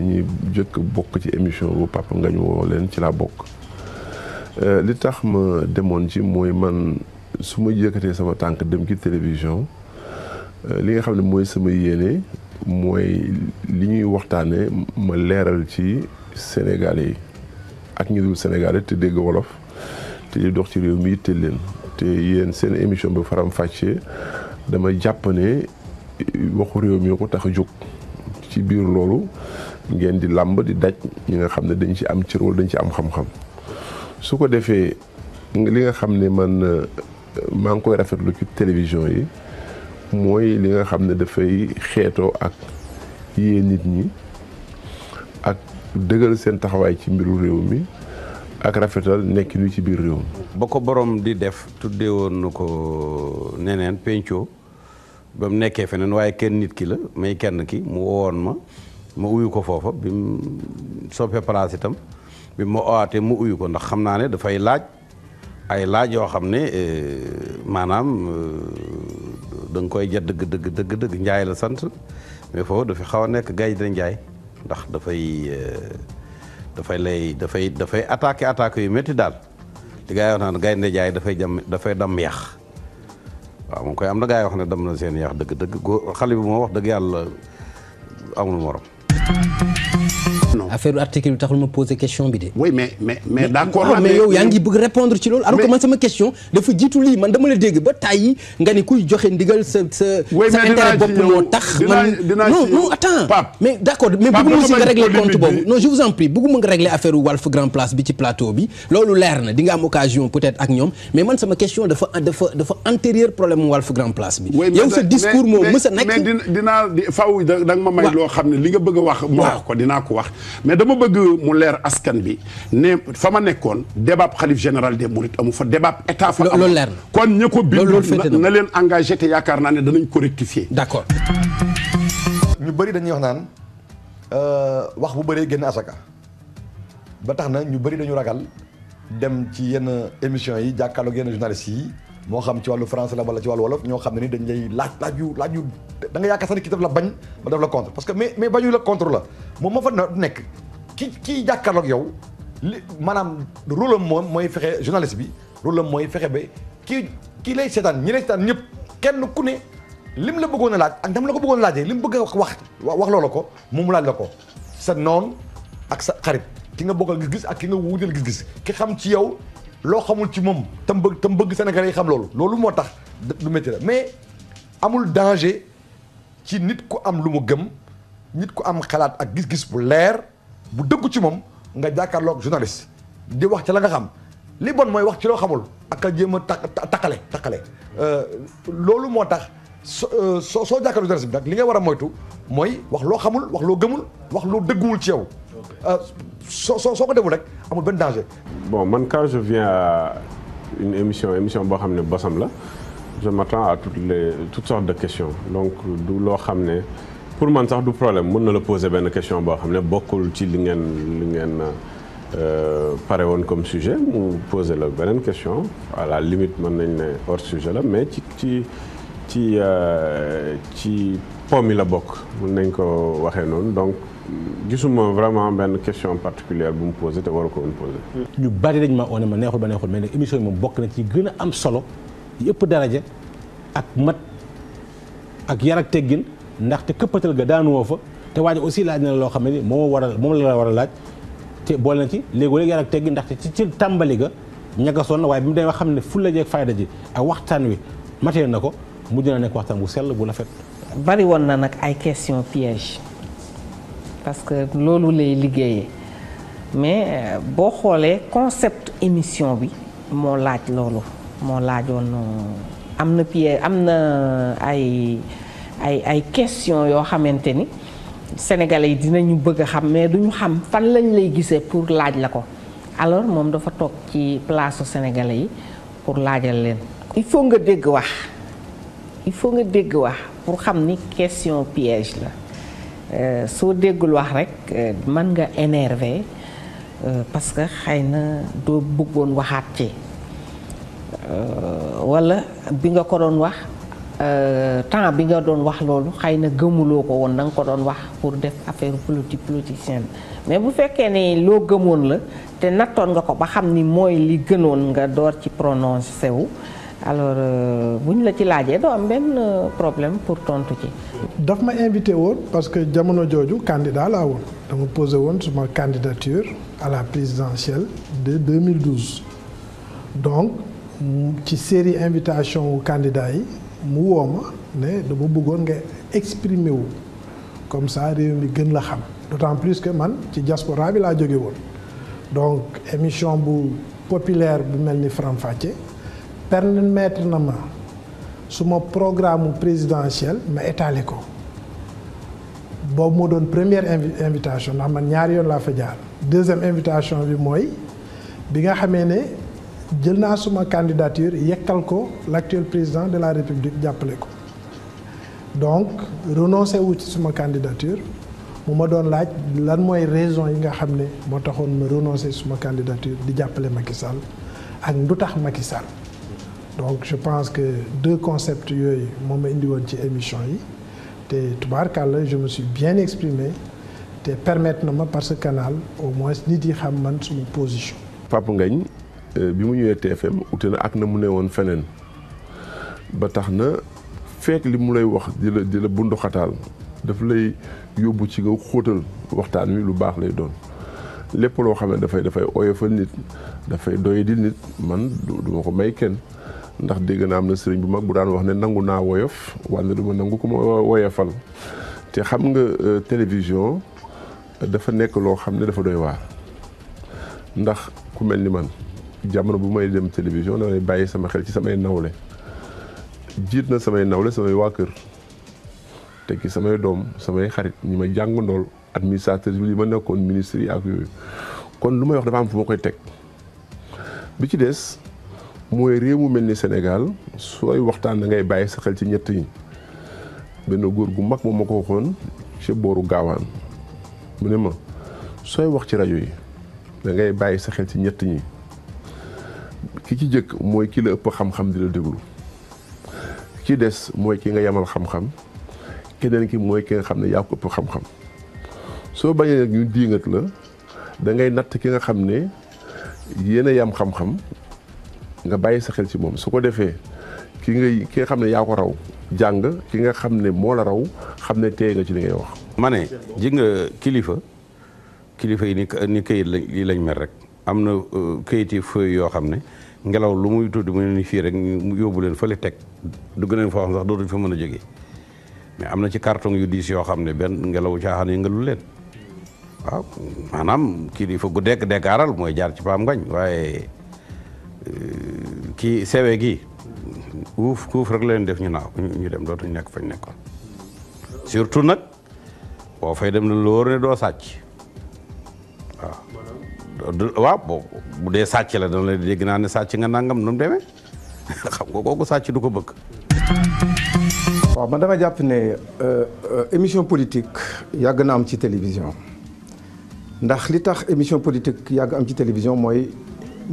ñuy jëkk bokk ci émission bu nga ñu woo leen ci laa bokk euh, li tax ma demoon ci mooy man su ma yëkkatee sama tànk dem ci télévision euh, li nga xam ne mooy sama yéene mooy li ñuy waxtaanee ma leeral ci Sénégalais yi ak ñu dul Sénégalais te dégg wolof te li dox ci réew mi yitteel leen te yéen seen émission bi faram fàccee dama jàpp ne waxu réew mi ko tax a jóg ci biir loolu. ngeen di làmb di daj ñi nga xam ne dañ ci am cër wala dañ ci am xam-xam su ko defee li nga xam ne man euh, maa ngi koy rafetlu ci télévision yi mooy li nga xam ne dafay xeetoo ak yee nit ñi ak dëgëral seen taxawaay ci mbiru réew mi ak rafetal nekk ñu ci biir réew mi. ba ko borom di def tuddee woon na ko euh, neneen penco ba mu nekkee feneen waaye kenn nit ki la may kenn ki mu wowoon ma. ma uyu ko foofa bi mu soppee place itam bi ma owaatee mu uyu ko ndax xam naa ne dafay laaj ay laaj yoo xam ne eh, maanaam eh, danga koy ja dëgg dëgg dëgg njaay la sant mais foofu dafay xaw a nekk gay da ndax dafay eh, dafay lay dafay dafay attaqué attaqué yu métti daal li gaa yi wax gaynde jaay dafay jam dafay dam yax waaw moom koy am na gaa yi wax ne dam na seen yax dëgg dëgg góor xale bi moo wax dëgg yàlla amul morom affaire article bi taxul ma poser question bi de. mais d'accord mais, yaa ngi bëgg répondre ci loolu. alors que man sama question dafa jiitu lii man dama la dégg ba tàyyi nga ni kuy joxe ndigal sa sa. bopp moo tax. man d'accord mais bëgguma nga régler compte boobu non Grand Place bi ci plateau bi. loolu leer na di am occasion peut-être ak ñoom mais man sama question dafa dafa dafa antérieur problème Walf Grand Place bi. yow sa discours moo mës a wax mu wax ko dinaa ko wax mais dama bëgg mu leer askan bi ne fa ma nekkoon débat xalif général des mourides amu fa débat état fa am kon ña ko bind na leen engagé te yaakaar naa ne danañ ko rectifier d'accord ñu bëri dañuy wax naan euh, wax bu bëree génn asaka ba tax na ñu bëri dañu ragal dem ci yenn émission yi jàkkaarloog yenn journalistes yi moo xam ci wàllu français la wala ci wàllu wolof ñoo xam ne ni dañ lay laaj laaj yu laaj yu da yaakaar sax ni ki daf la bañ ba daf la contre parce que mais mais bañu la contre la moom moo fa nekk ki kii jàkkaarloog yow li maanaam rôle am moom mooy fexe journaliste bi rôle la mooy fexe ba kii kii lay seetaan ñi lay seetaan ñëpp kenn ku ne lim la bëggoon a laaj ak dam la ko bëggoon a laajee lim bëgg a wax wax loola ko moom laaj la ko sa noon ak sa xarit ki nga bokkal gis-gis ak ki nga wuuteel gis-gis ki xam ci yow loo xamul ci moom tam bëgg tam bëgg Sénégalais yi xam loolu loolu moo tax lu métti la mais amul danger ci nit ko am lu mu gëm nit ku am xalaat ak gis-gis bu leer bu dëggu ci moom nga jàkkaarloog journaliste di wax ci la nga xam li bon mooy wax ci loo xamul ak a jéem a ta taqale taqale euh, loolu moo tax euh, soo soo soo jàkkaarloo journaliste bi nag li nga war a moytu mooy wax loo xamul wax loo gëmul wax loo dëgguwul ci yow euh, soo soo ko deful rek amul benn danger. bon man quand je viens une émission émission boo xam ne bosam la je m'attends à toutes les de questions donc du loo xam ne pour man sax du problème mën na la poser benn question boo xam ne bokkul ci li ngeen li ngeen. Euh, pare woon comme sujet mu posé la beneen question à la limite mën nañ ne hors sujet la mais ci ci ci euh, ci po mi la bokk mën nañ ko waxee noonu donc gisuma vraiment benn question particulière bu mu posé te waru ko woon posé. ñu bari dañ ma oo ma neexul ba neexul mais nag émission bi bokk na ci gën a am solo yëpp daraja ak mat ak yar ak teggin ndaxte këppatal ga daanuwoo fa te waaye aussi laaj na loo xam ne moom war a moom la la war a laaj te boole na ci léegoo-léeg yar ak ndaxte ci ci tàmbali ga ñagasoon na waaye bi mu demee xam ne fulla jeeg fayda ji ak waxtaan wi matee na ko mujj na nekk waxtaan bu sell bu rafet. bari woon na nag ay question piège parce que loolu lay liggéeyee mais euh, boo xoolee concept émission bi moo laaj loolu moo laajoon noo euh, am na pied am na euh, ay ay ay question yoo xamante ni sénégalais yi dinañu bëgg a xam mais duñu xam fan lañ lay gisee pour laaj la ko alors moom dafa toog ci place sénégalais yi pour laajal leen il faut nga dégg wax il faut nga dégg wax pour xam ni question piège la Euh, soo déggul wax rek euh, man nga énervé euh, parce que xëy na doo bëggoon waxaat ci walla bi nga ko doon wax temps bi nga doon wax loolu xëy na gëmuloo ko woon da nga ko doon wax pour def affaire politique politicien mais bu fekkee ne loo gëmoon la te nattoon nga ko ba xam ni mooy li gënoon nga door ci prononcé wu alors bu ñu la ci laajee doo am benn problème pour tontu ci. daf ma invité woon parce que jamono jooju candidat laa woon dama posé woon suma candidature à la présidentielle de 2012 donc ci série invitation wu candidat yi mu woo ma ne dama bëggoon nga exprimer wu comme ça réew mi gën la xam d'autant plus que man ci diaspora bi laa jóge woon donc émission bu populaire bu mel ni Faram Facce permettre na ma su ma programme présidentiel ma étalé ko boobu moo doon première invitation ndax man ñaari yoon laa fa jaar deuxième invitation bi mooy bi nga xamee ne jël naa suma candidature yekkal ko l'actuel président de la république jàppale ko donc renoncé wu ci suma candidature mu ma doon laaj lan mooy raison yi nga xam ne moo taxoon ma renoncé suma candidature di jàppale Macky Sall ak lu tax Macky Sall donc je pense que deux concepts yooyu moom ma indi woon ci émission yi te tubaarkàlla je me suis bien exprimé te permettre na ma parce que canal au moins nit yi xam man suñu position. Papa Ngagne euh, bi mu ñëwee TFM ute na ak na mu ne woon feneen ba tax na fekk li mu lay wax di la di la bunduxataal daf lay yóbbu ci nga xóotal waxtaan wi lu baax lay doon. lépp loo xam dafay dafay oyofal nit dafay doyadil nit man du ko may kenn ndax dégg naa am na sëriñ bu mag bu daan wax ne nangu naa woyof wante du ma nangu ko ma woyofal te xam nga euh, télévision dafa nekk loo xam ne dafa doy waar ndax ku mel ni man jamono bu may dem télévision damay bàyyi sama xel ci samay nawle jiit na samay nawle samay waa kër te ki samay doom samay xarit ñu ma jàngandool administrateur bi li ma nekkoon ministre yi ak yooyu kon lu may wax dafa am fu ma koy teg bi ci des mooy réew mu mel ni Sénégal sooy waxtaan da ngay bàyyi sa xel ci ñett yi benn góor gu mag moom ma ko waxoon ci booru gaawaan mu ne ma sooy wax ci rajo yi da ngay bàyyi sa xel ci ñett ñi ki ci jëkk mooy ki la ëpp xam-xam di la déglu ki des mooy ki nga yamal xam-xam keneen ki mooy ki nga xam ne yaa ko ëpp xam-xam soo bañee nag ñu diingat la da ngay natt ki nga xam ne yéen a yam xam-xam nga bàyyi sa xel ci moom su ko defee ki ngay ki nga xam ne yaa ko raw jàng ki nga xam ne moo la raw xam ne téye nga ci ma ne ji nga kilifa kilifa yi ni ni këyit lañ lañ mel rek am na uh, këyit yi feuille yoo xam ne ngelaw lu muy tudd mu ni fii rek mu yóbbu leen fële teg dugg nañ foo xam sax dootuñ mën a jógee mais am na ci carton yu yoo xam ne benn ngelaw caaxaan yëngalu leen. waaw maanaam kilifa gu dekk dekkaaral mooy jaar ci paam ngañ waaye. kii sewe gi uuf kuuf rek la leen def ñu naaw ñu dem dootuñu nekk fañ nekkoon surtout nag boo fay dem lu wóor doo sàcc waaw waaw bu dee sàcc la dana la dégg naa ne sàcc nga nangam nu demee xam nga kooku sàcc du ko bëgg waaw man jàpp ne euh, euh, émission politique yàgg na am ci télévision ndax li tax émission politique yàgg am ci télévision mooy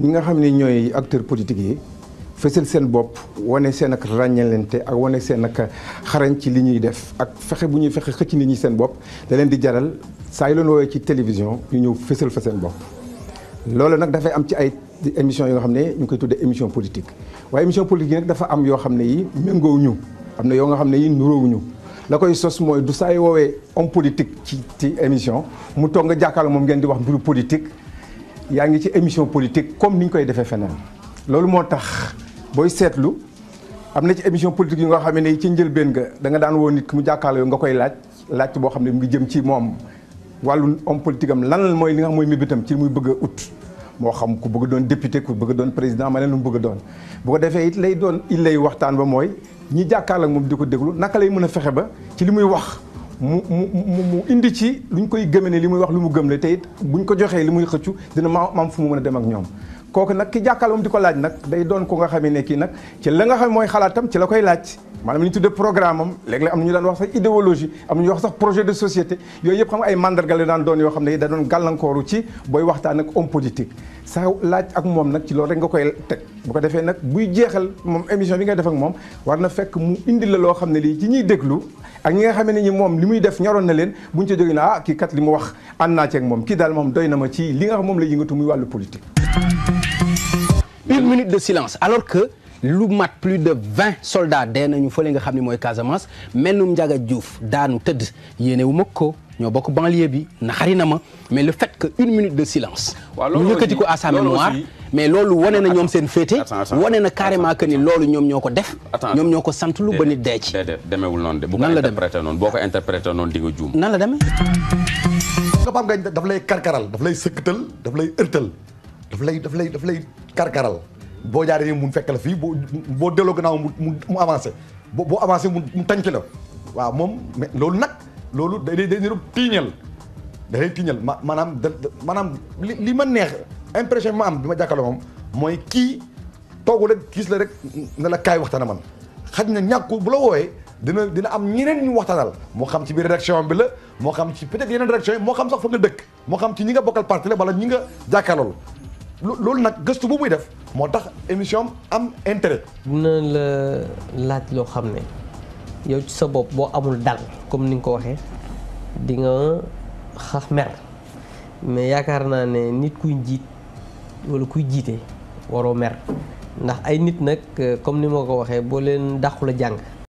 ñi nga xam ne ñooy acteur politiques yi fësal seen bopp wane seen ak ràññalente ak wane seen ak xarañ ci li ñuy def ak fexe bu ñuy fexe xëcc nit ñi seen bopp da leen di jaral saa yu leen woowee ci télévision yu ñëw fësal fa seen bopp. loolu nag dafay am ci ay émission yoo xam ne ñu koy tuddee émission politique waaye émission politique yi nag dafa am yoo xam ne yi méngoow ñu am na yoo nga xam ne yi nuróowu ñu la koy sos mooy du saa yu woowee homme politique ci ci émission mu toog nga jàkkaarloo moom ngeen di wax mbiru politique. yaa ngi ci émission politique comme ni ñu koy defee feneen loolu moo tax booy seetlu am na ci émission politique yu nga xam ne ci njëlbeen ga danga daan woo nit ki mu jàkkaarloo nga koy laaj laaj boo xam ne mu ngi jëm ci moom wàllu homme politique am lan mooy li nga xam mooy mébétam ci muy bëgg ut. moo xam ku bëgg doon député ku bëgg doon président ma ne mu bëgg doon boo defee it lay doon il lay waxtaan ba mooy ñi jàkkaarloo ak moom di ko déglu naka lay mën a fexe ba ci li muy wax. mu mu mu indi ci luñ koy gëme ne li muy wax lu mu gëm la tey it buñ ko joxee li muy xëccu dina ma am fu mu mën a dem ak ñoom kooku nag ki jàkkaarloo di ko laaj nag day doon ko nga xamee ne kii nag ci la nga xam mooy xalaatam ci la koy laaj maanaam li ñu tuddee programme am léeg daan wax sax idéologie am na wax sax projet de société yooyu xam ay mandarga la daan doon yoo xam ne da doon gàllankooru ci booy waxtaan ak homme politique sa laaj ak moom nag ci loolu rek nga koy teg bu ko defee nag buy jeexal moom émission bi ngay def moom war na fekk mu indi la loo xam ne lii ci ñuy déglu ak ñi nga xam ne ni moom li muy def ñoroon na leen buñ ca jógee na ah, kii kat li mu wax ànd naa ci ak moom kii daal moom doy na ma ci li nga xam moom la yëngatu muy wàllu politique. une minute de silence alors que lu mat plus de vingt soldats dee nañu fële nga xam ne mooy Casamance mennum Njaga Diouf daanu tëdd yéene wu ma ko ñoo bokk banlieue bi naxari na ma mais le fait que une minute de silence. ñu yëkkati ko à sa mémoire mais loolu wane na ñoom seen féete. wane na carrément que ni loolu ñoom ñoo ko def. ñoom ñoo ko sant lu ba nit dee ci. demeewul noonu de bu ko interprété noonu boo ko interprété noonu di nga juum. la demee. daf lay karkaral daf lay sëkkatal daf lay ërtal daf lay daf lay daf lay karkaral boo jaaree mu fekk la fii boo boo delloo gannaaw mu mu avancé boo boo avancé mu tànc la waaw moom loolu nag. loolu day day niru tiiñal da lay tiiñal ma maanaam da maanaam li li ma neex impression bi ma am bi ma jàkkaarloo moom mooy kii toogu rek gis la rek ne la kaay waxtaan man xaj na ñàkku bu la wooyee dina dina am ñeneen ñu waxtaanal moo xam ci biir rédaction bi la moo xam ci peut-être yeneen rédaction yi moo xam sax fa nga dëkk moo xam ci ñi nga bokkal parti la wala ñi nga jàkkaarlool loolu nag gëstu bu muy def moo tax émission am intérêt. dina la laaj loo xam ne. yow ci sa bopp boo amul dal comme ni nga ko waxee di nga xax mer mais yaakaar naa ne nit kuy jiit wala kuy jiite waroo mer ndax ay nit nag comme ni ma ko waxee boo leen dàqu la jàng